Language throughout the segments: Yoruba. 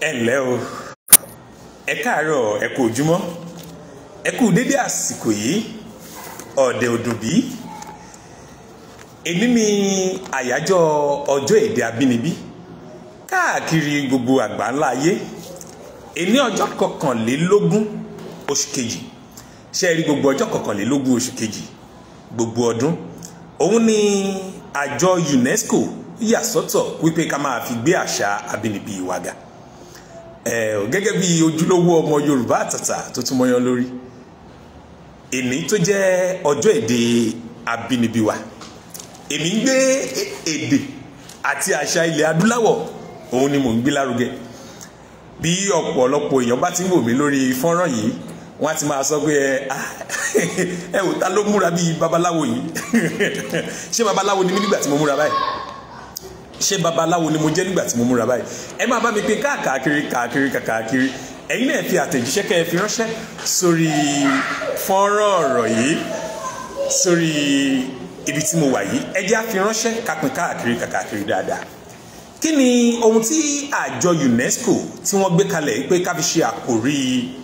ẹ ǹlẹ́ o ẹ káàárọ̀ ẹ kú ojúmọ́ ẹ kú dédé àsìkò yìí ọ̀dẹ̀ òdùbí èmi ni àyájọ́ ọjọ́ èdè abínibí káàkiri gbogbo àgbáńlá ayé èní ọjọ́ kọkànlélógún oṣù kejì ṣe rí gbogbo ọjọ́ kọkànlélógún oṣù kejì gbogbo ọdún òun ni àjọ UNESCO yà sọ́tọ̀ wípé ká máa fi gbé àṣà abínibí wa ga Eh, gẹ́gẹ́ bí ojúlówó ọmọ Yorùbá àtàtà tó tún mọyán lórí èmi tó jẹ́ ọjọ́ èdè abínibí wa èmi ń gbé èdè àti àṣà ilẹ̀ adúláwọ̀ òun ni mò ń gbé lárugẹ bí ọ̀pọ̀lọpọ̀ èèyàn bá ti ń wò mí lórí fọ́nrán yìí wọ́n á ti máa sọ pé eh, ah, ẹ ò ta ló múra bíi babaláwo yìí ṣé babaláwo ni mí nígbà tí mo múra báyìí ṣé babaláwo ni mo jẹ́ nígbà tí mo múra báyìí ẹ máa bá mi pín káàkiri káàkiri káàkiri ẹ̀yin náà fi àtẹ̀jíṣẹ́ kẹ́ ẹ fi ránṣẹ́ sórí fọ́nrán ọ̀rọ̀ yìí sórí ibi tí mo wà yìí ẹ á fi ránṣẹ́ kápin káàkiri káàkiri dáadáa kí ni ohun tí àjọ UNESCO tí wọ́n gbé kalẹ̀ pé ká fi ṣe àkòrí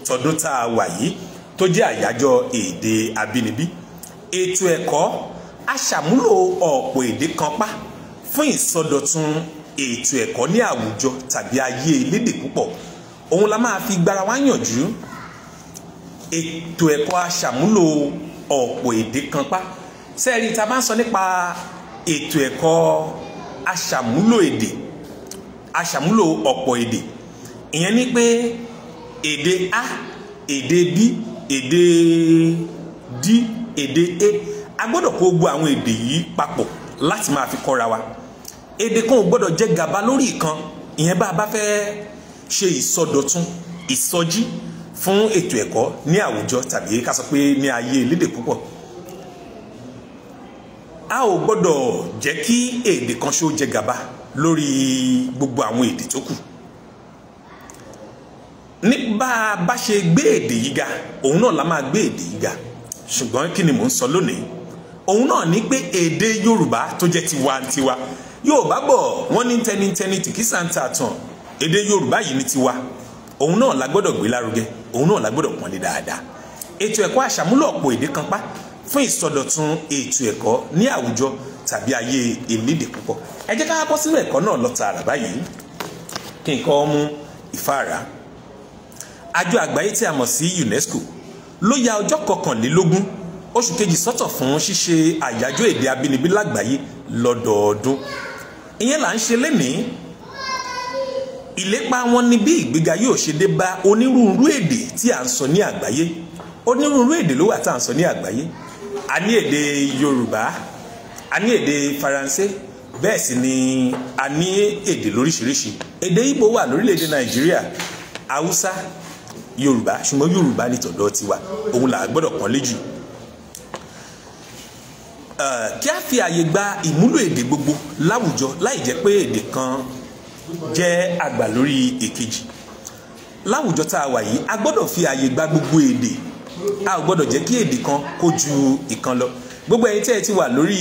tọdún tá a wà yìí tó jẹ́ àyájọ́ èdè abínibí ètò ẹ̀kọ́ aṣàmúlò ọ̀pọ̀ èdè kan pa fún ìsọdọ̀tun ètò ẹ̀kọ́ ní àwùjọ tàbí ayé elédè púpọ̀ òun la máa fi gbára wá yànjú ètò ẹ̀kọ́ aṣàmúlò ọ̀pọ̀ èdè kan pa sẹ́ẹ̀rí ta bá ń sọ nípa ètò ẹ̀kọ́ aṣàmúlò èdè aṣàmúlò ọ̀pọ̀ èdè ìyẹn ni pé èdè a èdè b èdè d èdè e a gbọ́dọ̀ kó gbogbo àwọn èdè yìí papọ̀ láti máa fi kọ́ra wa èdè kan ò gbọ́dọ̀ jẹ gàba lórí ìkan ìyẹn bá a bá fẹ́ ṣe ìsọdọ̀tun ìsọjí fún ètò ẹ̀kọ́ ní àwùjọ tàbí ká sọ pé ní ayé elédè púpọ̀ a ò gbọ́dọ̀ jẹ́ kí èdè kan ṣó jẹ gàba lórí gbogbo àwọn èdè tó kù ní bá a bá ṣe gbé èdè yìí ga òun náà la máa gbé èdè yìí ga ṣùgbọ́n kí ni mò ń sọ lónìí òun náà ní pé èdè Yorùbá tó jẹ́ tiwantiwa yorùbá bọ̀ wọ́n ní tẹnitẹni tìkísà ń ta tàn èdè yorùbá yìí ní tiwa òun náà la gbọ́dọ̀ gbé lárugẹ òun náà la gbọ́dọ̀ pọ́nlé dáadáa ètò ẹ̀kọ́ àṣàmúlò ọ̀pọ̀ èdè kan pa fún ìsọdọ̀tun ètò ẹ̀kọ́ ní àwùjọ tàbí ayé elédè púpọ̀ ẹ jẹ́ ká bọ́ sínú ẹ̀kọ́ náà lọ tààrà báyìí kí n kọ́ mú ìfáàrà àjọ àgbáyé tí a mọ̀ sí UNESCO ló ya ọjọ́ kọkànlélógún oṣù kejì sọ́tọ̀ fún ṣíṣe àyájọ́ èdè abínibí lágbàáyé lọ́dọọdún ìyẹn là ń ṣe lénìí ìlépa wọn ni bí ìgbéga yóò ṣe dé bá onírúurú èdè tí à ń sọ ní àgbáyé onírúurú èdè ló wà tá à ń sọ ní àgbáyé a ní èdè Yorùbá a ní èdè Faransé bẹ́ẹ̀ sì ni a ní èdè lóríṣiríṣi èdè Ìgbò wà lórílẹ̀‐èdè Nàìjíríà Haúsá Yorùbá ṣùgbọ́n Yorùbá ni tọ̀dọ̀ tiwa òun là á gbọ́dọ̀ pọ́n léjù Eh, kí a fi àyè gba ìmúlò èdè gbogbo láwùjọ láì jẹ́ pé èdè kan jẹ́ àgbà lórí èkejì láwùjọ tá a wà yìí a gbọ́dọ̀ fi àyè gba gbogbo èdè a ò gbọ́dọ̀ jẹ́ kí èdè kan kó ju ìkan lọ gbogbo ẹ̀yin tẹ́ ẹ ti wà lórí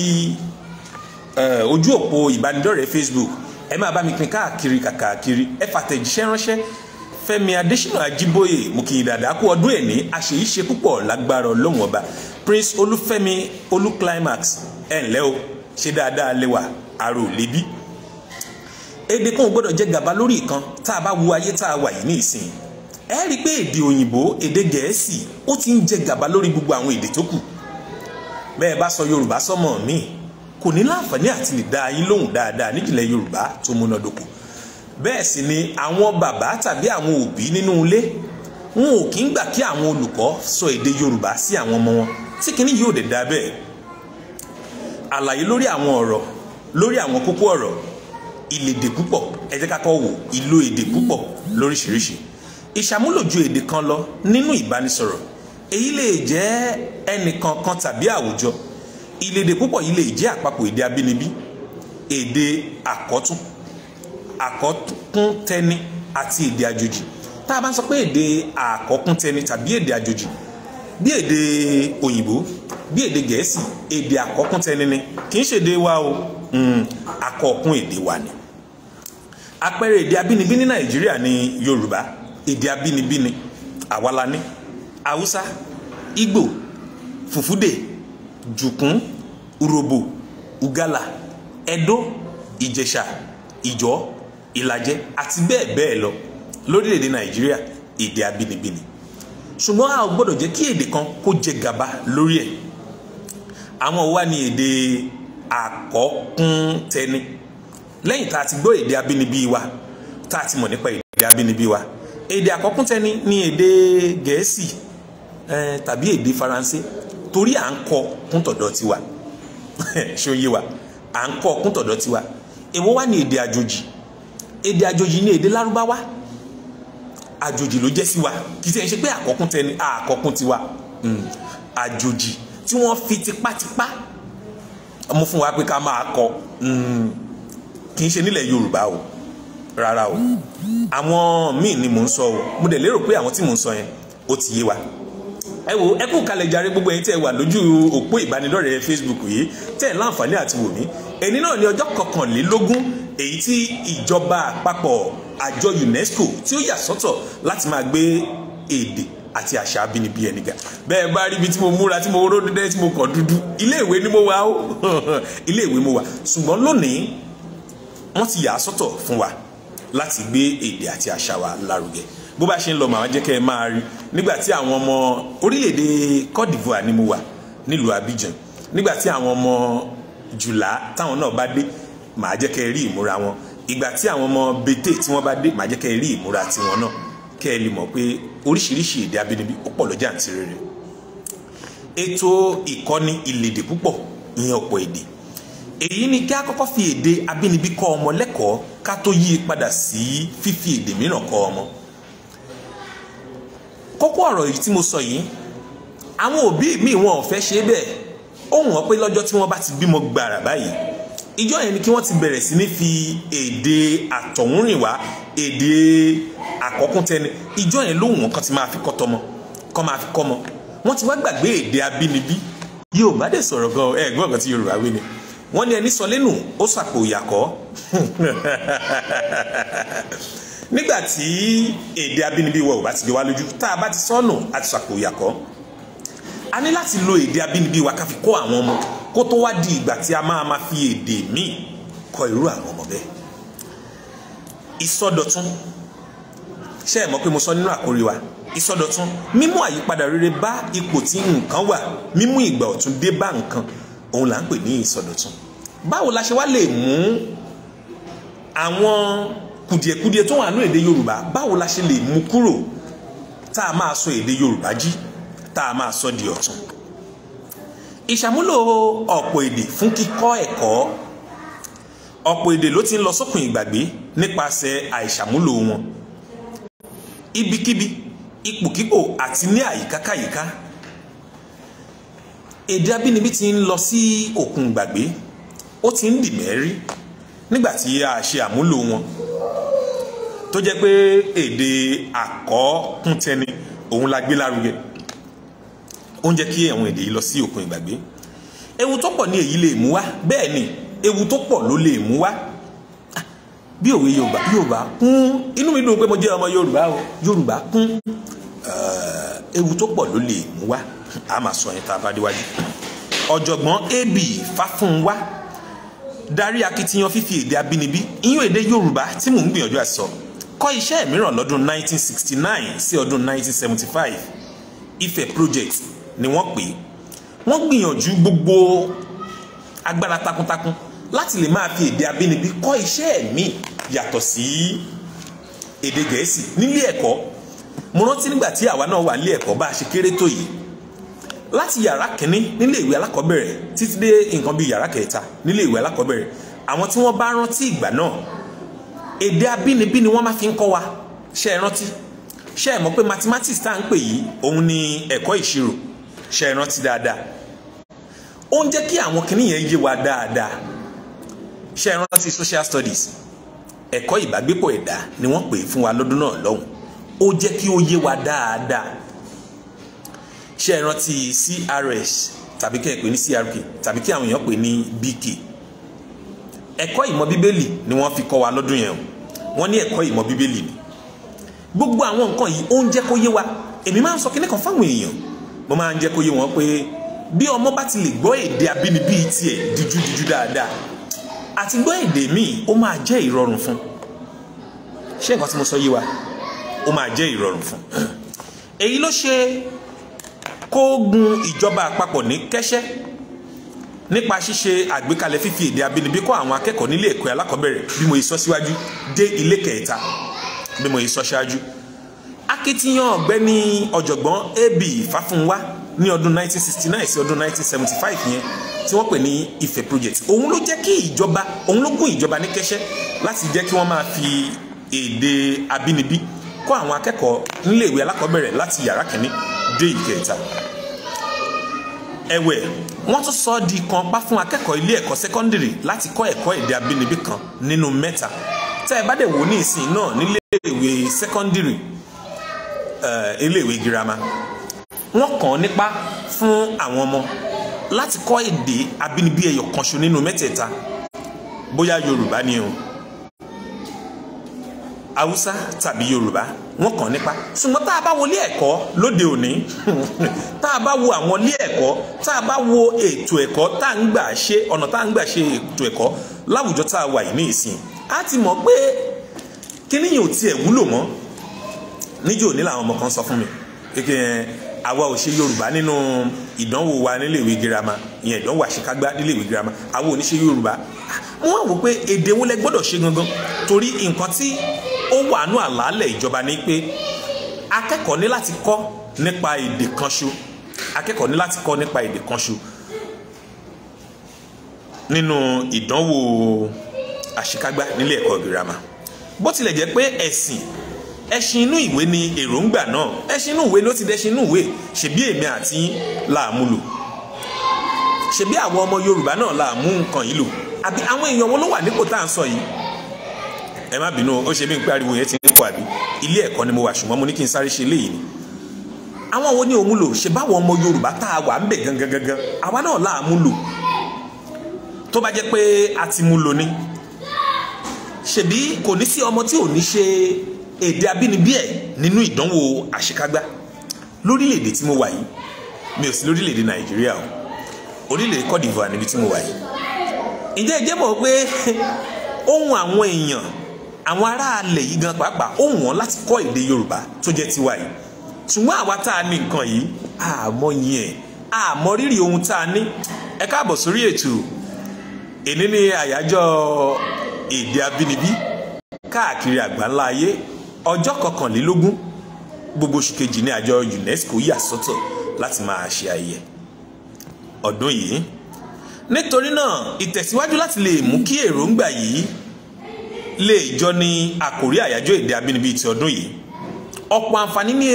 eh, ojú òpó ìbánidọ́rẹ̀ẹ́ Facebook ẹ máa bá mi pín káàkiri kàkàkiri ẹ fàtẹ̀jíṣẹ́ ránṣẹ́ fẹ́mi adésínà ajíbóyè mo kì í dàdá kú ọdún èní àṣeyí ṣe púpọ̀ lágbára ọlọ́run ọba prince olúfẹ́mi olúclimax ẹ̀ ǹlẹ́ o ṣe dáadáa lẹ́wà àrò lébí èdè kan ò gbọ́dọ̀ jẹ gàba lórí ìkan tá a bá wo ayé tá a wà yìí ní ìsìn ẹ rí i pé èdè òyìnbó èdè gẹ̀ẹ́sì ó ti ń jẹ gàba lórí gbogbo àwọn èdè tó kù bẹ́ẹ̀ bá sọ yorùbá sọ́mọ mi kò ní láǹfààní àti lè dá yín lóhùn dáadáa nídìílẹ̀ yorùbá tó múnádóko bẹ́ẹ̀ sì ni àwọn bàbá tàbí àwọn òbí nínú ilé wọn ò kí ń gbà kí àwọn olùkọ́ sọ èdè Yorùbá sí àwọn ọmọ wọn tí kìíní yóò dé dá bẹ́ẹ̀ àlàyé lórí àwọn ọ̀rọ̀ lórí àwọn kókó ọ̀rọ̀ ìlédè púpọ̀ ẹ jẹ́ ká kọ́ wò ìlò èdè púpọ̀ lóríṣiríṣi ìṣàmúlò ju èdè kan lọ nínú ìbánisọ̀rọ̀ èyí lè jẹ́ ẹnìkan kan tàbí àwùjọ ìlédè púpọ̀ yìí lè jẹ́ àpapọ̀ èdè abínibí èdè àkọ́tún àkọ́kún tẹni àti èdè àjòjì tá a bá ń sọ pé èdè àkọ́kún tẹni tàbí èdè àjòjì bí èdè òyìnbó bí èdè gẹ̀ẹ́sì èdè àkọ́kún tẹni ni kì í ṣèdè wa o hmm, àkọ́kún èdè wa ni àpẹẹrẹ èdè abínibí ní nàìjíríà ni yorùbá èdè abínibí ni àwalani haúsá ìgbò fùfúdè jùkún urhobo ugala ẹdó ìjẹ̀ṣà ìjọ ìlàjẹ àti bẹ́ẹ̀ bẹ́ẹ̀ lọ lórílẹ̀‐èdè nàìjíríà èdè abínibí ni ṣùgbọ́n a ò gbọ́dọ̀ jẹ́ kí èdè kan kó jẹ gàba lórí ẹ̀ àwọn wa ni èdè àkọ́kúntẹni lẹ́yìn tá a ti gbọ́ èdè abínibí wa tá a ti mọ̀ nípa èdè abínibí wa èdè àkọ́kúntẹni ni èdè gẹ̀ẹ́sì eh, tàbí èdè faransé torí à ń kọ kúntọ̀dọ̀ tiwa ṣó yé wa à ń kọ kúntọ̀dọ̀ tiwa èwo wá ni èdè àjòjì èdè àjòjì ni èdè lárúbáwá àjòjì ló jẹ́ sí wa kì í ṣe ṣe pé àkọ́kún tẹni àkọ́kún tiwa hmm. àjòjì tí wọ́n fi tipátipá mú fún wa pé ká máa kọ hmm. kì í ṣe nílẹ̀ Yorùbá o rárá o àwọn míì ni mò ń sọ o mo dẹ̀ lérò pé àwọn tí mò ń sọ yẹn ó ti yé wa ẹ wo ẹ kú kalẹ̀ jàre gbogbo ẹ̀yin tẹ́ ẹ wà lójú òpó ìbánidọ́rẹ̀ẹ́ Facebook yìí tẹ́ ẹ láǹfààní àti wò mí ẹni náà ní ọjọ́ kọkànlélógún èyí tí ìjọba àpapọ̀ àjọ UNESCO tí ó yà sọ́tọ̀ láti máa gbé èdè àti àṣà abínibí ẹni ga bẹ́ẹ̀ bá rí ibi tí mo múra tí mo ró dédé tí mo kàn dúdú iléèwé ni mo wà ó iléèwé mo wà ṣùgbọ́n lónìí wọ́n ti yà á sọ́tọ̀ fún wa láti gbé èdè àti àṣà wa lárugẹ bó bá ṣe ń lọ màá jẹ́ kẹ́ ẹ máa rí nígbà tí àwọn ọmọ orílẹ̀-èdè Cote d'Ivoire ni mo wà nílùú Abidjan nígbà tí àwọn ọmọ jùlá táwọn náà bá dé màá jẹ́ kẹ́ ẹ rí ìmúra wọn ìgbà tí àwọn ọmọ bété tí wọ́n bá dé màá jẹ́ kẹ́ ẹ rí ìmúra tiwọn náà kẹ́ ẹ lè mọ̀ pé oríṣiríṣi èdè abínibí ó pọ̀ lọ́jà àǹtí rere ètò ìkọ́ni ìlèdè púpọ̀ ìyẹn ọ̀pọ̀ èdè èyí ni kí a kọ́kọ́ fi èdè abínibí kọ́ ọmọ lẹ́kọ̀ọ́ ká tó yí padà sí fífi èdè mìíràn kọ́ ọmọ kókó ọ̀rọ̀ yìí tí mo sọ yìí àwọn òbí mi wọn ò fẹ́ ṣe bẹ́ẹ̀ ó wọ́n pé lọ́jọ́ tí wọ́n bá ti bímọ gbàrà báyìí ìjọ yẹn ni kí wọ́n ti bẹ̀rẹ̀ sí ní fi èdè àtọ̀húnrìnwá èdè àkọ́kúntẹni ìjọ yẹn lóhùn kan ti máa fi kọ́ tọmọ kan máa fi kọ́ mọ wọ́n ti wá gbàgbé èdè abínibí Yorùbá dẹ̀ sọ̀rọ̀ gan ẹ̀ gbọ́n kan tí Yorùbá wí ni wọ́n ní ẹni sọ lẹ́nu ó sàpò ìyàkọ́ nígbà tí èdè abínibí wa ò bá ti jọ wá lójú tá a bá ti sọ́nù àti sàpò ìyàkọ́ a ní láti lo èdè abínibí wa ká fi kọ́ àwọn ọmọ kó tó wá di ìgbà tí a máa ma fi èdè míì kọ irú àwọn ọmọ bẹ́ẹ̀ ìsọdọ̀tun ṣe é mọ̀ pé mo sọ nínú àkórí wa ìsọdọ̀tun mímú àyípadà rere bá ipò tí nǹkan wà mímú ìgbà ọ̀tun dé bá nǹkan òun là ń pè ní ìsọdọ̀tun báwo la ṣe wá lè mú àwọn kùdìẹ̀kùdìẹ̀ tó wà nínú èdè Yorùbá báwo la ṣe lè mú kúrò tá a máa sọ èdè Yorùbá jí tá a máa sọ di ọ̀tun ìṣàmúlò ọ̀pọ̀ èdè fún kíkọ́ ẹ̀kọ́ ọ̀pọ̀ èdè ló ti ń lọ sópin ìgbàgbé nípasẹ̀ àìṣàmúlò wọn ibikíbi ipòkípò àti ní àyíká káyíká èdè abínibí ti ń lọ sí òkun ìgbàgbé ó ti ń dìmẹ́rí nígbà tí a ṣe àmúlò wọn tó jẹ́ pé èdè àkọ́kùntẹni òun la gbé lárugẹ. La ó ń jẹ́ kí àwọn èdè yìí lọ sí òkun ìgbàgbé ewu tó pọ̀ ní èyí lè mú wá bẹ́ẹ̀ ni ewu tó pọ̀ ló lè mú wá ah, bí òwe yorùbá yorùbá kún inú mi dùn pé mo jẹ́ ọmọ yorùbá o yorùbá kún eh, ewu tó pọ̀ ló lè mú wá a máa sọ yẹn tá a bá déwájú ọ̀jọ̀gbọ́n ab fáfúnwá darí akitiyan fífi èdè abínibí iyún èdè yorùbá tí mò ń gbìyànjú àti sọ kọ́ iṣẹ́ mìíràn lọ́dún 1969 sí ọdún 1975 ife project ni wọ́n pè é wọ́n gbìyànjú gbogbo agbára takuntakun láti lè máa fi èdè abínibí kọ́ iṣẹ́ mi yàtọ̀ sí èdè gẹ̀ẹ́sì nílé ẹ̀kọ́ mo rántí nígbà tí àwa náà wà nílé ẹ̀kọ́ bá a ṣe kéré tó yìí láti yàrá kínní nílé ìwé alákọ̀ọ́bẹ̀rẹ̀ títí dé nǹkan bíi yàrá kẹta nílé ìwé alákọ̀ọ́bẹ̀rẹ̀ àwọn tí wọ́n bá rántí ìgbà náà èdè abínibí ni wọ́n máa fi ń kọ́ wa ṣe é rántí ṣe é mọ̀ pé mathematics tá à ń pè yìí òun ni ẹ̀kọ́ ìṣirò ṣe é rántí dáadáa ó ń jẹ́ kí àwọn kinní yẹn yé wa dáadáa ṣe é social studies ẹ̀kọ́ ìbágbépọ̀ ẹ̀dá ni wọ́n pè é fún wa lọ́dún náà lọ́hùn ó jẹ́ kí ó yé wa dáadáa ṣe é CRS tàbí kẹ́ ẹ̀ pè ní CRK tàbí kí àwọn èèyàn pè ní BK ẹ̀kọ́ ìmọ̀ bíbélì ni wọ́n fi kọ́ wa lọ́dún yẹn o wọ́n ní ẹ̀kọ́ ìmọ̀ bíbélì ni gbogbo àwọn nǹkan yìí ó ń jẹ́ kó yé wa èmi máa ń sọ kíní kan fáwọn èèyàn mo máa ń jẹ́ kó yé wọn pé bí ọmọ bá ti lè gbọ́ èdè abínibí tiẹ̀ díjúdíjú dáadáa àti gbọ́ èdè míì ó máa jẹ́ ìrọ̀rùn fún ṣé nǹkan tí mo sọ yé wa ó máa jẹ́ ìrọ̀rùn fún èyí ló ṣe kó gun ìjọba àpapọ̀ ní kẹ́sẹ́ nípa ṣíṣe àgbékalẹ̀ fífi èdè abínibí kọ́ àwọn akẹ́kọ̀ọ́ nílé ẹ̀kọ́ alákọ̀ọ́bẹ̀rẹ̀ bí mo yìí sọ síwájú dé ilé kẹta bí mo yìí sọ síwájú akitiyan ọ̀gbẹ́ni ọ̀jọ̀gbọ́n ab fáfúnwá ní ọdún 1969 sí ọdún 1975 yẹn tí wọ́n pè ní Ifẹ̀ project òun ló jẹ́ kí ìjọba òun ló gún ìjọba ní kẹ́sẹ́ láti jẹ́ kí wọ́n máa fi èdè abínibí kọ́ àwọn akẹ́kọ̀ọ́ níléèwé alákọ̀ọ́bẹ̀rẹ̀ láti yàrá kìíní dé ìkẹta ẹ̀wẹ̀ wọ́n tún sọ ọ́ di kan pa fún akẹ́kọ̀ọ́ ilé ẹ̀kọ́ sẹ́kọ́ndìrì láti kọ́ ẹ̀kọ́ èdè abínibí kan nínú mẹ́ta tẹ́ ẹ bá dẹ̀ wò ní ìsìn náà níléèwé sẹ́kọ́ndìrì Eh, iléèwé girama wọ́n kàn án nípa fún àwọn ọmọ láti kọ́ èdè abínibí ẹyọ kanṣo nínú mẹ́tẹ̀ẹ̀ta bóyá yorùbá ni o haúsá tàbí yorùbá wọ́n kàn nípa ṣùgbọ́n tá a bá wo ilé ẹ̀kọ́ lóde òní tá a bá wo àwọn ilé ẹ̀kọ́ tá a bá wo ètò ẹ̀kọ́ tá a ń gbà ṣe ọ̀nà tá a ń gbà ṣe ètò ẹ̀kọ́ láwùjọ tá a wà yìí ní ìsìn á ti mọ̀ pé kíníyàn ò tiẹ̀ wúlò mọ́ níjó ní làwọn ọmọ kan sọ fún mi kékeré àwa ò ṣe yorùbá nínú ìdánwò wa níléèwé girama ìyẹn ìdánwò àṣekágbá níléèwé girama àwa ò ní ṣe yorùbá mo wá wò pé èdè wo lẹ gbọ́dọ̀ ṣe gangan torí nǹkan tí ó wà nú àlàálẹ̀ ìjọba ni pé akẹ́kọ̀ọ́ ní láti kọ́ nípa èdè kan ṣo akẹ́kọ̀ọ́ ní láti kọ́ nípa èdè kan nínú ìdánwò àṣekágbá nílé ẹ̀kọ́ girama bó tilẹ̀ jẹ́ pé ẹ̀sìn ẹṣin inú ìwé ni èròǹgbà náà ẹṣin inú ìwé ló ti dẹṣin inú ìwé ṣebí èmi àti làámúlò ṣebí àwọn ọmọ Yorùbá náà làámú nǹkan yìí lò àbí àwọn èèyàn wo ló wà nípò tá à ń sọ yìí ẹ má bínú ó ṣe bí n pariwo yẹn ti ń pọ̀ àbí ilé ẹ̀kọ́ ni mo wà ṣùgbọ́n mo ní kí n sáré ṣe léyìí ni àwọn wo ni òun lò ṣe báwọn ọmọ Yorùbá tá a wà ń bẹ gangan àwa náà láàmú lò tó bá jẹ́ pé a ti mú lò ní ṣebí kò ní sí ọmọ tí ò ní ṣe èdè abínibí ẹ̀ nínú ìdánwò àṣekágbá lórílẹ̀‐èdè tí mo wà yìí mi ò sí lórílẹ̀‐èdè nàìjíríà o orílẹ̀‐èdè cote d'ivoire níbi tí mo wà yìí ǹjẹ́ ìjẹ́ mọ̀ pé ohun àwọn èèyàn àwọn aráàlẹ̀ yìí gan pàápàá ohun wọn láti kọ́ èdè yorùbá tó jẹ́ tiwa yìí ṣùgbọ́n àwa tá a ní nǹkan yìí àmọ́ yẹn àmọ́ rírì ohun tá a ní ẹ káàbọ̀ sórí ètò èní ni àyájọ́ èdè abínibí káàkiri àgbáńlá ayé ọjọ́ kọkànlélógún gbogbo oṣù kejì ní àjọ UNESCO yà sọ́tọ̀ láti máa ṣe ayẹyẹ ọdún yìí nítorí náà ìtẹ̀síwájú láti lè mú kí èròǹgbà yìí lè jọ ní àkòrí àyájọ́ èdè abínibí ti ọdún yìí ọ̀pọ̀ àǹfààní ní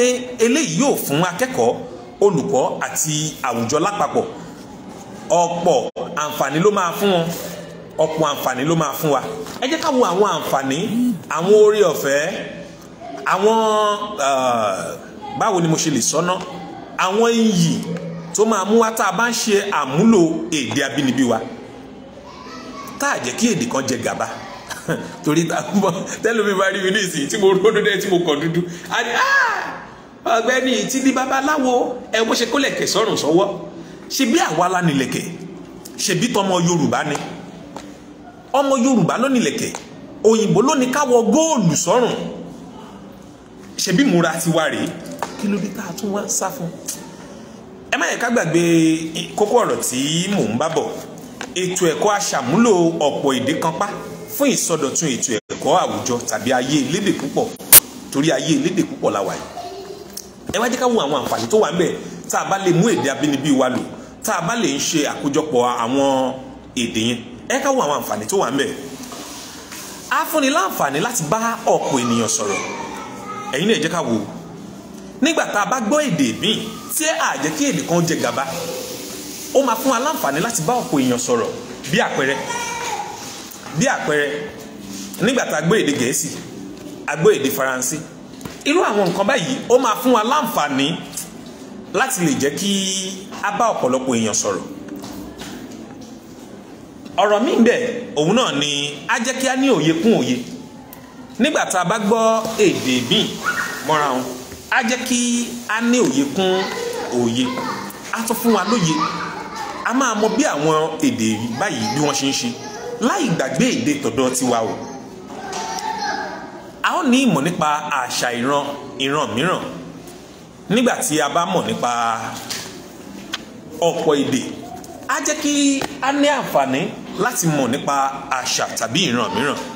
eléyìí yóò fún akẹ́kọ̀ọ́ olùkọ́ àti àwùjọ lápapọ̀ ọ̀pọ̀ àǹfààní ló máa fún wọn ọ̀pọ̀ àǹfààní ló máa fún wa ẹ jẹ́ ká wo àwọn àǹfààní àwọn oore ọ̀fẹ́ àwọn báwo ni mo ṣe lè sọ́nà àwọn iyì tó máa mú wa tá a bá ń ṣe àmúlò èdè abínibí wa tá a jẹ́ kí èdè kan jẹ gàba torí tẹ́lómi bá rí mi ní ìsìn tí mo rónú dẹ́ tí mo kọ̀ dúdú ah! ọ̀gbẹ́ni tí ní babaláwo ẹ bó ṣe kólẹ̀kẹ̀ sọ́rùn sọ́wọ́ ṣe bí àwa la ṣe bí tọmọ Yorùbá ni ọmọ Yorùbá ló òyìnbó ló káwọ góòlù sọ́rùn ṣebí múra ti wá rèé kí ló dé tá a tún wá sá fún. ẹ má yẹ ká gbàgbé kókó ọ̀rọ̀ tí mò ń bá bọ̀ ètò ẹ̀kọ́ aṣàmúlò ọ̀pọ̀ èdè kan pa fún ìsọdọ̀tun ètò ẹ̀kọ́ àwùjọ tàbí ayé elédè púpọ̀ torí ayé elédè púpọ̀ la wà yìí. ẹ wá jẹ́ ká wo àwọn àǹfààní tó wà ń bẹ̀ tá a bá lè mú èdè abínibí wa lò tá a bá lè ń ṣe àkójọpọ̀ àwọn èdè yẹn ẹ ká wo àwọn àǹfààní tó wà ń a fúnni láǹfààní láti bá ọ̀pọ̀ ènìyàn sọ̀rọ̀ ẹ̀yin náà jẹ́ ká wò ó nígbà tá a bá gbọ́ èdè míì tí a jẹ́ kí èdè kan jẹ gàba ó máa fún wa láǹfààní láti bá ọ̀pọ̀ èèyàn sọ̀rọ̀ bí àpẹẹrẹ bí àpẹẹrẹ nígbà tá a gbọ́ èdè gẹ̀ẹ́sì a gbọ́ èdè faransé irú àwọn nǹkan báyìí ó máa fún wa láǹfààní láti lè a bá ọ̀pọ̀lọpọ̀ èèyàn sọ̀rọ̀ ọ̀rọ̀ míì bẹ́ẹ̀ ni á jẹ́ kí a ní òye kún òye nígbà tá a bá gbọ́ èdè míì mọ́ra wọn á jẹ́ kí a ní òye kún òye á tún fún wa lóye a máa mọ bí àwọn èdè báyìí bí wọ́n ṣe ń ṣe láì gbàgbé èdè tọ̀dọ̀ tiwa o a ó ní ìmọ̀ nípa àṣà ìran ìran mìíràn nígbà tí a bá mọ̀ nípa ọ̀pọ̀ èdè á jẹ́ kí a ní àǹfààní láti mọ̀ nípa àṣà tàbí ìran mìíràn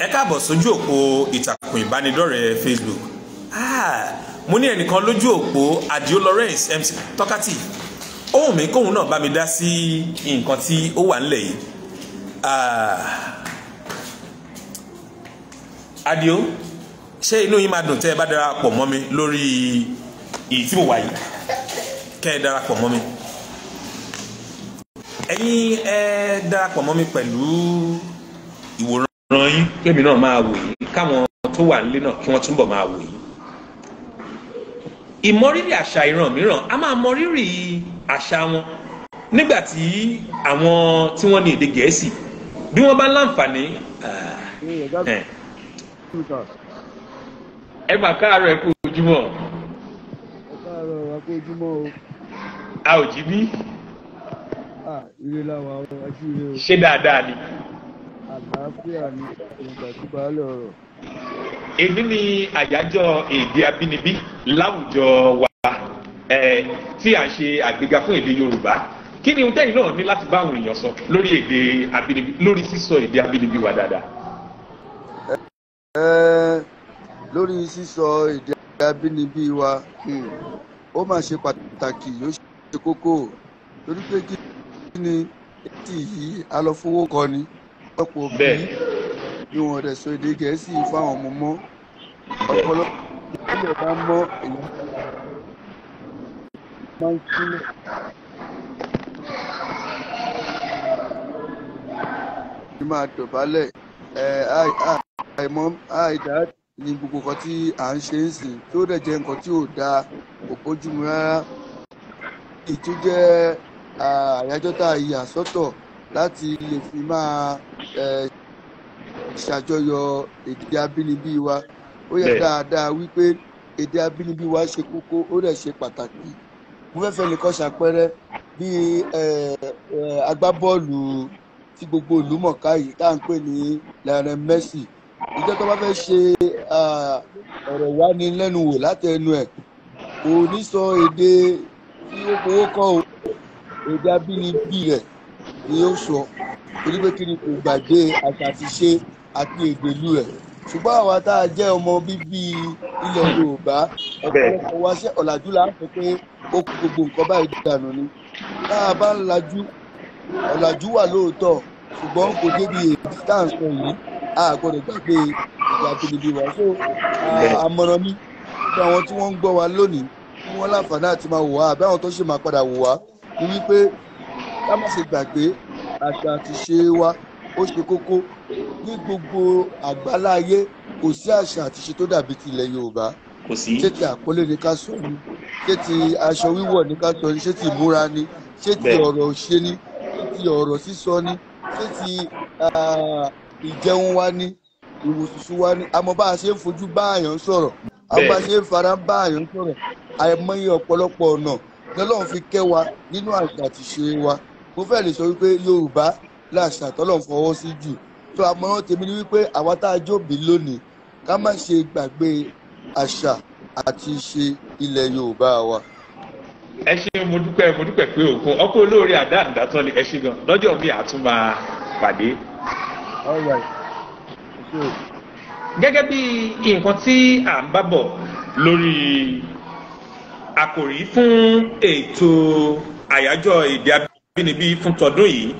ẹ káàbọ̀ sójú òpó ìtàkùn ìbánidọ́rẹ̀ẹ́ Facebook ah, mo ní ẹnìkan lójú òpó Adio Lawrence MC Tọ́kátì ohun mi kóhun náà bá mi dá sí nǹkan tí ó wà nílẹ̀ yìí Adio ah, ṣé inú yín máa dùn tẹ́ ẹ bá darapọ̀ mọ́ mi lórí èyí tí mo wà yìí kẹ́ ẹ darapọ̀ mọ́ mi ẹ̀yin ẹ darapọ̀ mọ́ mi pẹ̀lú ìwòran ràn yín kémi náà máa wò yín káwọn tó wà nílé náà kí wọ́n túbọ̀ máa wò yín. ìmọrírì àṣà ìran mìíràn a máa mọrírì àṣà wọn nígbà tí àwọn tí wọ́n ní èdè gẹ̀ẹ́sì bí wọ́n bá láǹfààní eh, eh. ẹ gbà káàárọ̀ ẹ kú ojúmọ́. káàárọ̀ ẹ kú ojúmọ́ o. a ò jí bí. Ah, ṣé dáadáa ni àlàáfíà ni ìgbàgbọ́ lọ́rọ̀. èmi ni àyájọ́ èdè abínibí láwùjọ wa tí a ṣe àgbéga fún èdè yorùbá kí ni tẹ́yìn náà ní láti bá àwọn èèyàn sọ lórí èdè abínibí lórí sísọ èdè abínibí wa dáadáa. lórí sísọ èdè abínibí wa hmm, ó máa ṣe pàtàkì yóò ṣe kókó torí pé kí ni ètí yìí a lọ fowó kọ ni ọ̀pọ̀lọpọ̀ òbí bí wọn rẹ̀ sọ èdè gẹ̀ẹ́sì fáwọn ọmọ mọ́ ọ̀pọ̀lọpọ̀ ìpínlẹ̀ bá mọ́ èyí máa ń sílẹ̀. ní máa dọ̀bálẹ̀ àìmọ́ àìdá ni gbogbo nǹkan tí à ń ṣe ń sìn tí ó dẹ̀ jẹ́ nǹkan tí ò dáa kò bójúmu rárá èyí tó jẹ́ a yà láti lè fi máa ṣàjọyọ̀ èdè abínibí wa ó yẹ dáadáa wípé èdè abínibí wa ṣe kókó ó dẹ̀ ṣe pàtàkì mo fẹ́fẹ́ nìkan ṣàpẹẹrẹ bí agbábọ́ọ̀lù tí gbogbo ìlú mọ̀ká yìí tá à ń pè ní Lionel Messi ìjọ tó bá fẹ́ ṣe ọ̀rọ̀ wá ní lẹ́nu wò láti ẹnu ẹ̀ kò ní sọ èdè tí ó fowó kọ́ èdè abínibí rẹ̀ ni yóò sọ torí pé kí ni kò gbàgbé àṣà àti ṣe àti èdèlú rẹ̀ ṣùgbọ́n àwa tá a jẹ́ ọmọ bíbí ilẹ̀ Yorùbá ọ̀pọ̀lọpọ̀ wa ṣe ọ̀làjú la ń fẹ́ pé ó kú gbogbo nǹkan báyìí dànù ni tá a bá ń lajú ọ̀làjú wà lóòótọ́ ṣùgbọ́n kò débi èdè tá à ń sọ yìí a gbọ́dọ̀ gbàgbé ìgbà gbèdébi wa so àmọ̀ràn mi fún àwọn tí wọ́n ń gbọ́ wa lónìí kí wọ́n láǹfààní àti máa wò wá àbí àwọn tó ṣe máa padà wò wá ni wípé ká má ṣe gbàgbé àṣà àti ṣe wa ó ṣe kókó ní gbogbo àgbáláyé kò sí àṣà àti ṣe tó dàbí ti ilẹ̀ yorùbá ṣé ti àpọ́nlé ni ká sọ ni ṣé ti aṣọ wíwọ̀ ni ká sọ ni ṣé ti ìmúra ni ṣé ti ọ̀rọ̀ ṣe ni ṣé ti ọ̀rọ̀ sísọ ni ṣé ti ìjẹun wa ni ìwòsùsù wa ni àmọ́ bá a ṣe ń fojú bá sọ̀rọ̀ àwọn bá a ṣe ń fara bá sọ̀rọ̀ àìmọye ọ̀pọ̀lọpọ̀ ọ̀nà lọ́lọ́run fi kẹ́ wa nínú àṣà àti wa mo fẹ́ lè sọ wípé yorùbá làṣà tọ́lọ̀ fọwọ́ sí jù tó àmọ́ràn tèmi ni wípé àwa tá a jóòbí lónìí ká má ṣe gbàgbé àṣà àti ìṣe ilẹ̀ yorùbá wa. ẹ ṣe mo dúpẹ́ mo dúpẹ́ pé òkun ọkọ olóore àdáàdá tán ni ẹ ṣe gan lọ́jọ́ mi àtún máa pàdé. gẹ́gẹ́ bí nǹkan tí à ń bá bọ̀ lórí àkòrí fún ètò àyájọ́ èdè abẹ́ àbínibí fún tọdún yìí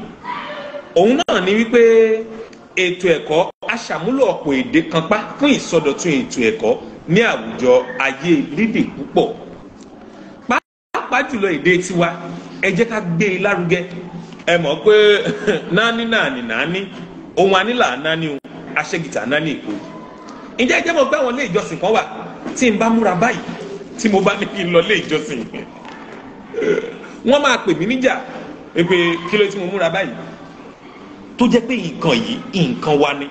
òun náà ni wípé ètò ẹ̀kọ́ aṣàmúlò ọ̀pọ̀ èdè kan pa fún ìsọdọ̀tun ètò ẹ̀kọ́ ní àwùjọ ayé lédè púpọ̀ pàápàá jùlọ èdè tiwa ẹ jẹ́ ká gbé e lárugẹ ẹ mọ̀ pé nání nàní nàní ohun anílà nání ohun aṣẹ́gìtà nání èkó ǹjẹ́ ẹ jẹ́ mọ̀ pé àwọn ilé ìjọsìn kan wà tí n bá múra báyìí tí mo bá ní kí n lọ ilé ìjọsìn wọ́n máa pè mí níjà pé kí ló ti mo múra báyìí tó jẹ́ pé nǹkan yìí nǹkan wa ni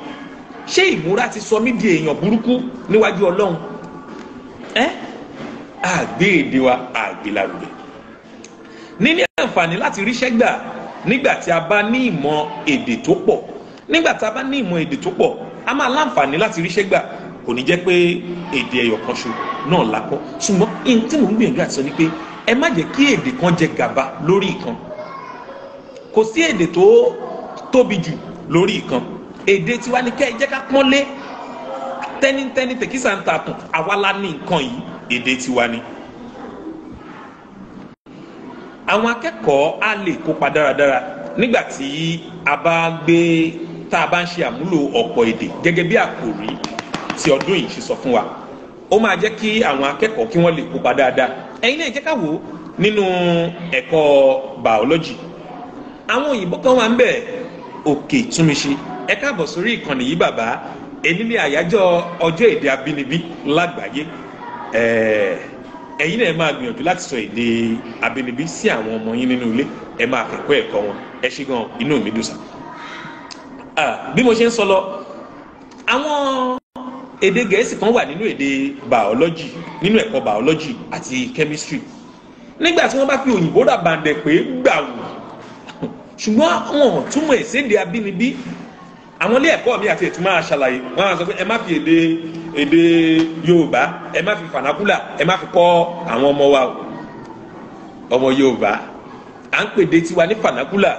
ṣé ìmúra ti sọ mí di èèyàn burúkú níwájú ọlọ́run ẹ àgbé èdè wa àgbé lárugẹ níní àǹfààní láti ríṣẹ́ gbà nígbà tí a bá ní ìmọ̀ èdè tó pọ̀ nígbà tí a bá ní ìmọ̀ èdè tó pọ̀ a máa láǹfààní láti ríṣẹ́ gbà kò ní jẹ́ pé èdè ẹ̀yọ̀ náà lakọ́ ṣùgbọ́n tí mò ń gbìyànjú àti sọ ni pé ẹ má jẹ́ kí èdè kan jẹ gàba lórí ìkan kò sí èdè tó tóbi jù lórí ìkan èdè tiwa ni kẹ́ ẹ jẹ́ ká pọ́nlé tẹ́nítẹ́ní tẹ̀kísà ń takùn àwa la ní nǹkan yìí èdè tiwa ni. àwọn akẹ́kọ̀ọ́ á lè kópa dáradára nígbà tí a bá gbé tá a bá ń ṣe àmúlò ọ̀pọ̀ èdè gẹ́gẹ́ bí àkòrí tí ọdún yìí ṣe sọ fún wa ó máa jẹ́ kí àwọn akẹ́kọ̀ọ́ kí wọ́n lè kópa dáadáa ẹ̀yin náà jẹ́ ká wò nínú ẹ̀kọ́ biology àwọn òyìnbó kan wà ń bẹ̀ òkè túnmíṣe ẹ káàbọ̀ sórí ìkànnì yìí bàbá èmi ní àyájọ́ ọjọ́ èdè abínibí lágbàáyé ẹ̀yin náà ẹ máa gbìyànjú láti sọ èdè abínibí sí àwọn ọmọ yín nínú ilé ẹ máa kẹ́kọ̀ọ́ ẹ̀kọ́ wọn ẹ ṣe gan inú mi dùn sá bí mo ṣe ń sọ lọ àwọn èdè gẹ̀ẹ́sì kan wà nínú èdè biology nínú ẹ̀kọ́ biology àti chemistry nígbà tí wọ́n bá fi òyìnbó dàbàǹdẹ̀ pé gbàù ṣùgbọ́n wọn ò túmọ̀ ìséde abínibí àwọn ilé ẹ̀kọ́ mi àti ìtumọ̀ àṣàlàyé wọn á sọ pé ẹ má fi èdè èdè yorùbá ẹ má fi fanakula ẹ má fi kọ́ àwọn ọmọ wa ọmọ yorùbá à ń pèdè tiwa ní fanakula.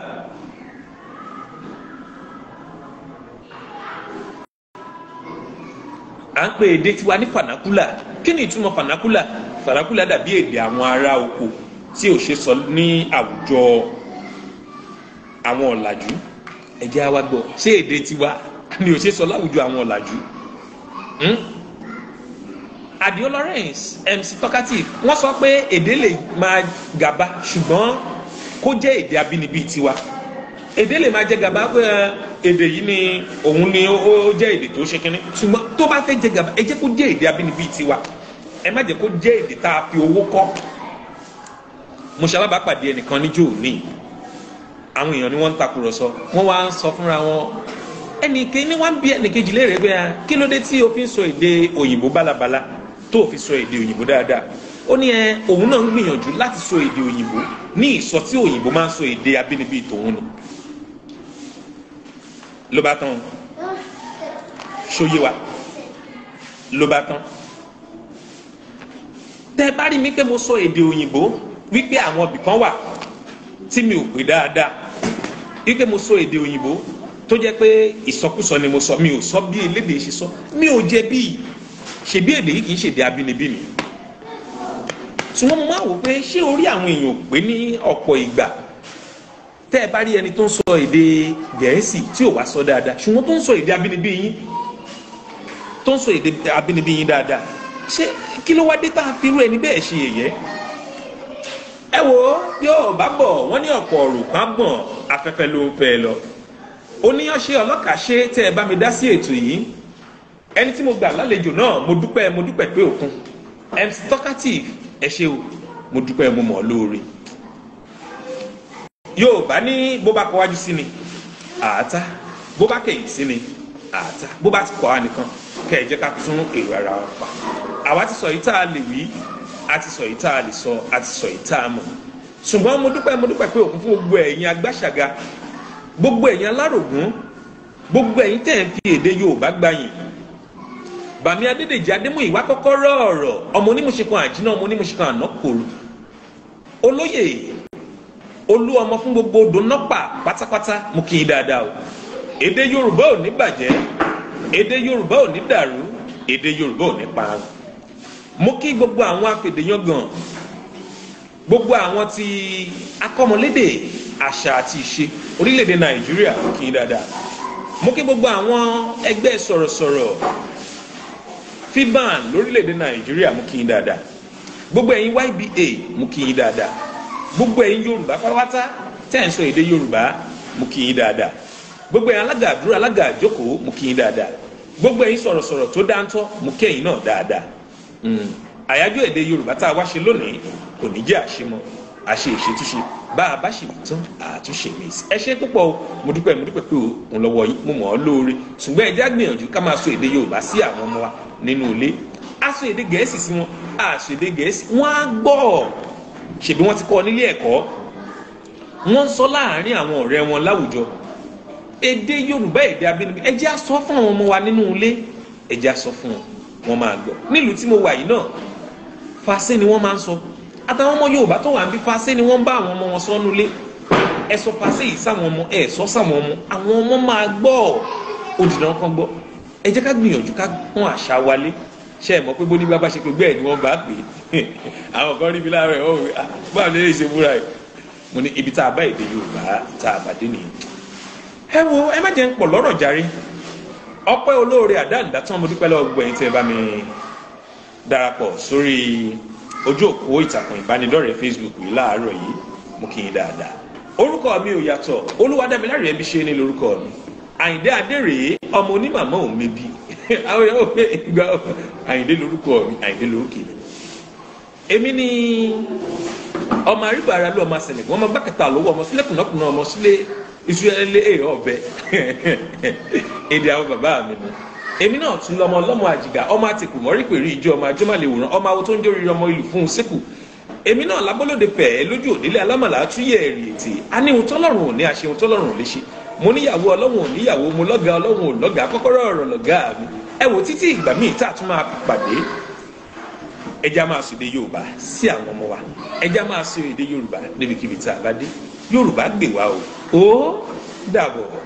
à ń pè èdè tiwa ní fanakula kí ni ìtumọ̀ fanakula fanakula dàbí èdè àwọn ará oko tí ò ṣe sọ ní àwùjọ àwọn ọ̀làjú ẹ̀jẹ̀ àwa gbọ́ ṣé èdè tiwa ni ò ṣe sọ láwùjọ àwọn ọ̀làjú. Hmm? Adio Lawrence MC Tọ́kátì wọ́n sọ pé èdè lè máa gàba ṣùgbọ́n kó jẹ́ èdè abínibí tiwa èdè lè máa jẹ gàba pé èdè yìí ni òun ni ó jẹ́ èdè tó ṣe kínní ṣùgbọ́n tó bá fẹ́ jẹ gàba ẹ jẹ́ kó jẹ́ èdè abínibí tiwa ẹ má jẹ́ kó jẹ́ èdè tá a fi owó kọ́ mo ṣe alábàápàdé ẹnìkan níjó òní àwọn èèyàn ni wọ́n ń takùrọ̀sọ wọ́n wá ń sọ fúnra wọn ẹnìkan ní wọ́n bí ẹnìkejì léèrè pé ah, kí ló dé tí o fi ń sọ èdè òyìnbó bálabàla tó o fi sọ èdè òyìnbó dáadáa ó ní ẹ eh, òun náà ń gbìyànjú láti sọ èdè òyìnbó ní ìsọ tí òyìnbó máa ń sọ èdè abínibí tòun nù ló bá tán ṣòye wa ló bá tán tẹ bá rí mi pé mo sọ èdè òyìnbó wípé àwọn ibìkan wà tí mi ò pè dáadáa ike mo sọ èdè òyìnbó tó jẹ́ pé ìsọkúsọ ni mo sọ mi ò sọ bí elédè ṣe sọ mi ò jẹ̀bi ṣèbí èdè yìí kì í ṣèdè abínibí mi tí wọ́n máa wò pé ṣé orí àwọn èèyàn pé ní ọ̀pọ̀ ìgbà tẹ́ ẹ bá rí ẹni tó ń sọ èdè gẹ̀ẹ́sì tí ò wá sọ dáadáa ṣùgbọ́n tó ń sọ èdè abínibí yín tó ń sọ èdè abínibí yín dáadáa ṣé kí ló wá dé tá a fi irú ẹni bẹ́ẹ̀ ṣe yẹ̀yẹ́ ẹ wo yóò bá bọ̀ wọ́n ní ọ̀pọ̀ ọ̀rùn kan gbọ̀n afẹ́fẹ́ ló ń fẹ́ lọ oníyanṣe ọlọ́kàṣe tẹ́ ẹ bá mi dá sí ètò yìí ẹni tí mo gbà lálejò náà mo dúpẹ́ mo dúpẹ́ pé òkun mc talkative ẹ ṣe o mo dúpẹ́ mo mọ̀ lóore yóò bá ní bó bá kọwájú sí ni àátá bó bá kẹ̀yìn sí ni àátá bó bá ti kọ́ wa nìkan kẹ́ ẹ jẹ́ ká tún èrò ara wa pa àwa ti sọ yìí tá a lè wí a ti sọ ìta a lè sọ a ti sọ ìta a mọ̀ ṣùgbọ́n mo dúpẹ́ mo dúpẹ́ pé òkun fún gbogbo ẹ̀yin agbáṣàga gbogbo ẹ̀yin alárògún gbogbo ẹ̀yin tẹ̀ ń fi èdè Yorùbá gbayìn Bàmí Adédèjì Adémúyìwá kọ́kọ́ rọ ọ̀rọ̀ ọmọ onímùsìkan àjínà ọmọ onímùsìkan àná kòrò olóyè olú ọmọ fún gbogbo odò nọ́pà pátápátá mo kì í dáadáa o èdè Yorùbá ò ní bàjẹ́ èdè Yorùbá ò ní dàrú èdè Yorùbá ò ní parun mo kí gbogbo àwọn apèdèyangàn gbogbo àwọn ti akọ́mọlédè àṣà àti ìṣe orílẹ̀-èdè nàìjíríà kì í dáadáa mo kí gbogbo àwọn ẹgbẹ́ sọ̀rọ̀sọ̀rọ̀ fiban lórílẹ̀-èdè nàìjíríà mo kí í dáadáa gbogbo ẹ̀yin yba mo kí í dáadáa gbogbo ẹ̀yin yorùbá pátápátá tẹ́ ń sọ èdè yorùbá mo kí í dáadáa gbogbo ẹ̀yin alága àdúrà alága àjókòó mo kí í dáadáa gbogbo ẹ̀yin sọ̀rọ̀sọ̀rọ̀ tó dáńtọ́ mo kí náà dáadáa Hmm. àyájọ́ èdè yorùbá tá a wá ṣe lónìí kò ní jẹ́ àṣemọ àṣe ìṣètúnṣe bá a bá ṣe wí tán àtúnṣe mi ẹ ṣe púpọ̀ o mo dúpẹ́ mo dúpẹ́ pé òun lọ́wọ́ yín mo mọ̀ ọ́ lóore ṣùgbọ́n ẹ jẹ́ àgbìyànjú ká máa sọ èdè yorùbá sí àwọn ọmọ wa nínú ilé a èdè gẹ̀ẹ́sì sí wọn a èdè gẹ̀ẹ́sì wọn á gbọ́ ṣèbí wọ́n ti kọ́ nílé ẹ̀kọ́ wọ́n ń sọ láàárín àwọn ọ̀rẹ́ wọn láwùjọ èdè yorùbá èdè abínibí ẹ jẹ́ á fún àwọn ọmọ wa nínú ilé ẹ jẹ́ á fún wọn wọ́n máa gbọ́ nílùú tí mo wà yìí náà fàṣẹ ni wọ́n máa ń sọ àtàwọn ọmọ Yorùbá tó wà ń bí fàṣẹ ni wọ́n ń bá àwọn ọmọ wọn sọ nulẹ̀ ẹ sọ fàṣẹ yìí sáwọn ọmọ ẹ sọ sáwọn ọmọ àwọn ọmọ máa gbọ́ òdìdá kan gbọ́ ẹ jẹ́ ká gbìyànjú ká pọ́n àṣà wálé ṣe é mọ̀ pé bóní bábá ṣe pé bẹ́ẹ̀ ni wọ́n bá pè é àwọn kan rí mi láàárọ̀ ẹ̀ ọ̀hún ah, báwo lè ṣe múra ẹ̀ mo ní ibi tá a bá èdè Yorùbá tá a bàdé nìyẹn ẹ wo ẹ má jẹ́ ń pọ̀ lọ́rọ̀ jàre ọpẹ́ olóore àdáàdá tí wọ́n mo dúpẹ́ lọ́wọ́ gbogbo ẹ̀yin tí ẹ bá mi darapọ̀ sórí ojú òpó ìtàkùn ìbánidọ́rẹ̀ẹ́ facebook yìí láàárọ̀ yìí mo kì í dáadáa orúkọ mi ò yàtọ̀ olúwadámiláre ẹbí ṣe ní lórúkọ mi àyìndé adérèé ọmọ onímàmá òun mi bí àwọn èèyàn ò pé ìgbà àyìndé lórúkọ mi àyìndé lórúkè mi èmi ni ọmọ arígbà ara ló ọmọ asẹ̀lẹ̀gbọ́n ọmọ gbàkàtà lówó ọmọ sílẹ̀kùnàkùnà ọmọ sílẹ̀ iṣu ẹlẹ ẹ ọbẹ èdè àwọn bàbá mi ni èmi náà tún lọmọ ọlọmọ àjìgà ọmọ àtìkù mọrípèrè ìjọ ọmọ àjọmọlẹ wòran ọmọ awo tó ń jórí ọmọ ìlú fún un síkù èmi náà lábọ́lódé pẹ̀ lójú òdílé alámàlà túyẹ̀ èrè ètè a ní ohun tọ́lọ́run ò ní a ohun tọ́lọ́run ò lè ṣe mo níyàwó ọlọ́run ò níyàwó mo lọ́gàá ọlọ́run ò lọ́gàá kọ́kọ́rọ́ ọ̀rọ̀ lọ́gàá mi ẹ wò títí ìgbà míì tá a tún máa pàdé ẹja máa sọ èdè yorùbá sí àwọn ọmọ wa ẹja máa sọ èdè yorùbá níbikíbi tá a bá dé yorùbá gbè wá o o Dago.